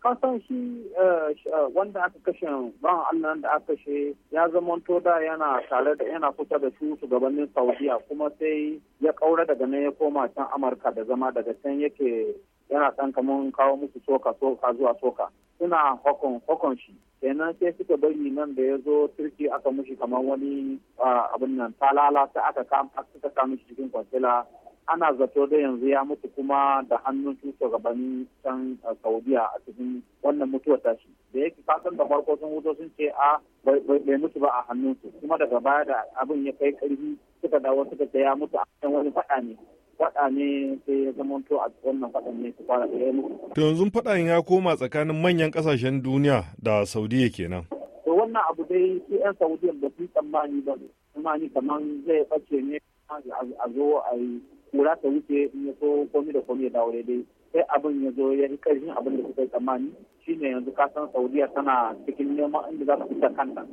kasan shi eh, eh, wanda aka kashe ban allah da aka kashe ya zama da yana tare da yana kusa da su shugabannin saudiya kuma sai ya kaura daga nan ya koma can amurka da zama daga can yake yana san kamar kawo musu soka soka zuwa soka suna hokon hokon shi kenan sai suka bari nan da ya zo turki aka mushi kamar wani ah, abin nan talala ta aka kama suka kama shi cikin kwancila ana zato da yanzu ya mutu kuma da hannun su shugabannin can saudiya a cikin wannan mutuwar tashi da yake kasan da farko sun wuto sun ce a bai mutu ba a hannun su kuma daga baya da abin ya kai karfi suka dawo suka ce ya mutu a kan wani fada ne fada ne sai ya zama to a wannan fada ne su fara ya mutu. to yanzu faɗan ya koma tsakanin manyan kasashen duniya da saudiya kenan. to wannan abu dai su 'yan saudiya ba su tsammani ba tsammani kamar zai bace ne a zo a yi kura ta wuce in ya so komi da komi da dawo dai sai abin ya zo ya yi ƙarfin abin da suka yi tsammani shine yanzu kasan san saudiya tana cikin neman inda za su fita kanta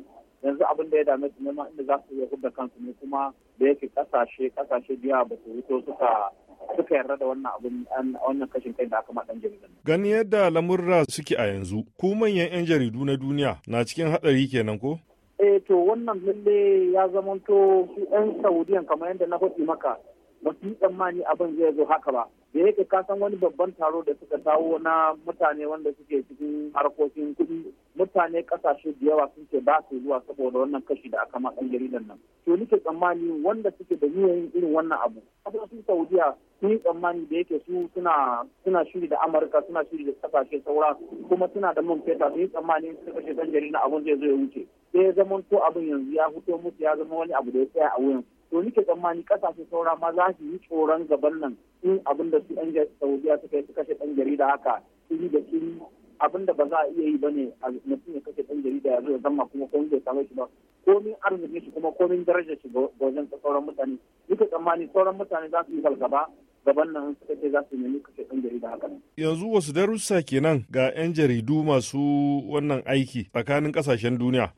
yanzu abin da ya dame su neman inda za su yi da kansu ne kuma da yake kasashe kasashe biya ba su wuce suka suka yarda da wannan abin wannan kashin kai da aka ma dan jaridan gani yadda lamurra suke a yanzu ku manyan yan jaridu na duniya na cikin hadari kenan ko eh to wannan lalle ya zamanto su yan saudiyan kamar yadda na faɗi maka ba su yi tsammani abin zai zo haka ba da yake ka san wani babban taro da suka kawo na mutane wanda suke cikin harkokin kuɗi mutane ƙasashe da yawa sun ce ba su zuwa saboda wannan kashi da aka matsan jaridan nan to nike tsammani wanda suke da niyyar irin wannan abu kasashen saudiya sun yi tsammani da yake su suna suna shiri da amurka suna shiri da kasashe saura kuma suna da man feta sun yi tsammani su kashe dan jarida abun zai zo ya wuce sai ya zama to abin yanzu ya fito musu ya zama wani abu da ya tsaya a wuyansu to nike tsammani kasashe saura ma za su yi tsoron gaban nan in abin da su yan saudiya suka yi su kashe ɗan jarida haka iri da iri abin da ba za a iya yi bane a mutum ya kashe dan jarida ya zo ya zama kuma komai bai same shi ba komin arzikin shi kuma komin darajar shi ga wajen sauran mutane nike tsammani sauran mutane za su yi falgaba gaban nan suka ce za su nemi kashe ɗan jarida haka nan. Yanzu wasu darussa kenan ga 'yan jaridu masu wannan aiki tsakanin kasashen duniya.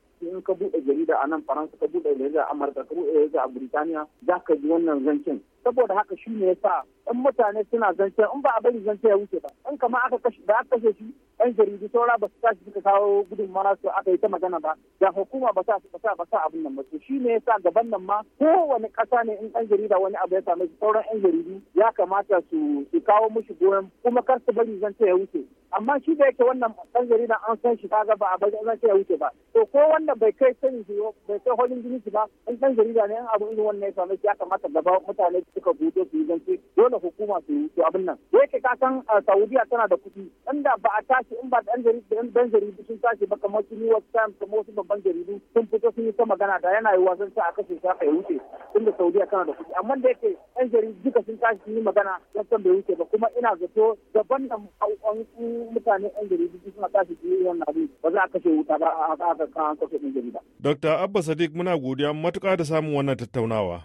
da a nan faransa ka buɗe jarida a amurka ka buɗe jarida a burtaniya za ka ji wannan zancen saboda haka shi ne yasa in mutane suna zance in ba a bari zance ya wuce ba in kama aka kashe da aka kashe shi yan jaridu saura ba su tashi suka kawo gudunmawa su aka yi ta magana ba da hukuma ba sa ba sa abin nan ba to shi ne yasa gaban nan ma kowane ƙasa ne in yan jarida wani abu ya same shi sauran yan jaridu ya kamata su su kawo mushi goyon kuma kar su bari zance ya wuce amma shi da yake wannan an jarida an san shi kaga ba a bari zance ya wuce ba to ko wanda bai kai sani bai kai holin jini ba in yan jarida ne in abu irin wannan ya same shi ya kamata gaba mutane suka buɗe su zance dole hukuma su yi su abin nan da yake ka san saudiya tana da kuɗi inda ba a tashi in ba da ɗan jaridu sun tashi ba kamar su new york times kamar wasu babban jaridu sun fito sun yi ta magana da yana yi wasan sa a kashe shi haka ya wuce tunda saudiya tana da kuɗi amma da yake yan jaridu duka sun tashi sun yi magana don san bai wuce ba kuma ina zato daban da mutane yan jaridu suna tashi su yi wannan abin ba za a kashe wuta ba a kashe yan jarida. Dr. Abba Sadiq muna godiya matuƙa da samun wannan tattaunawa.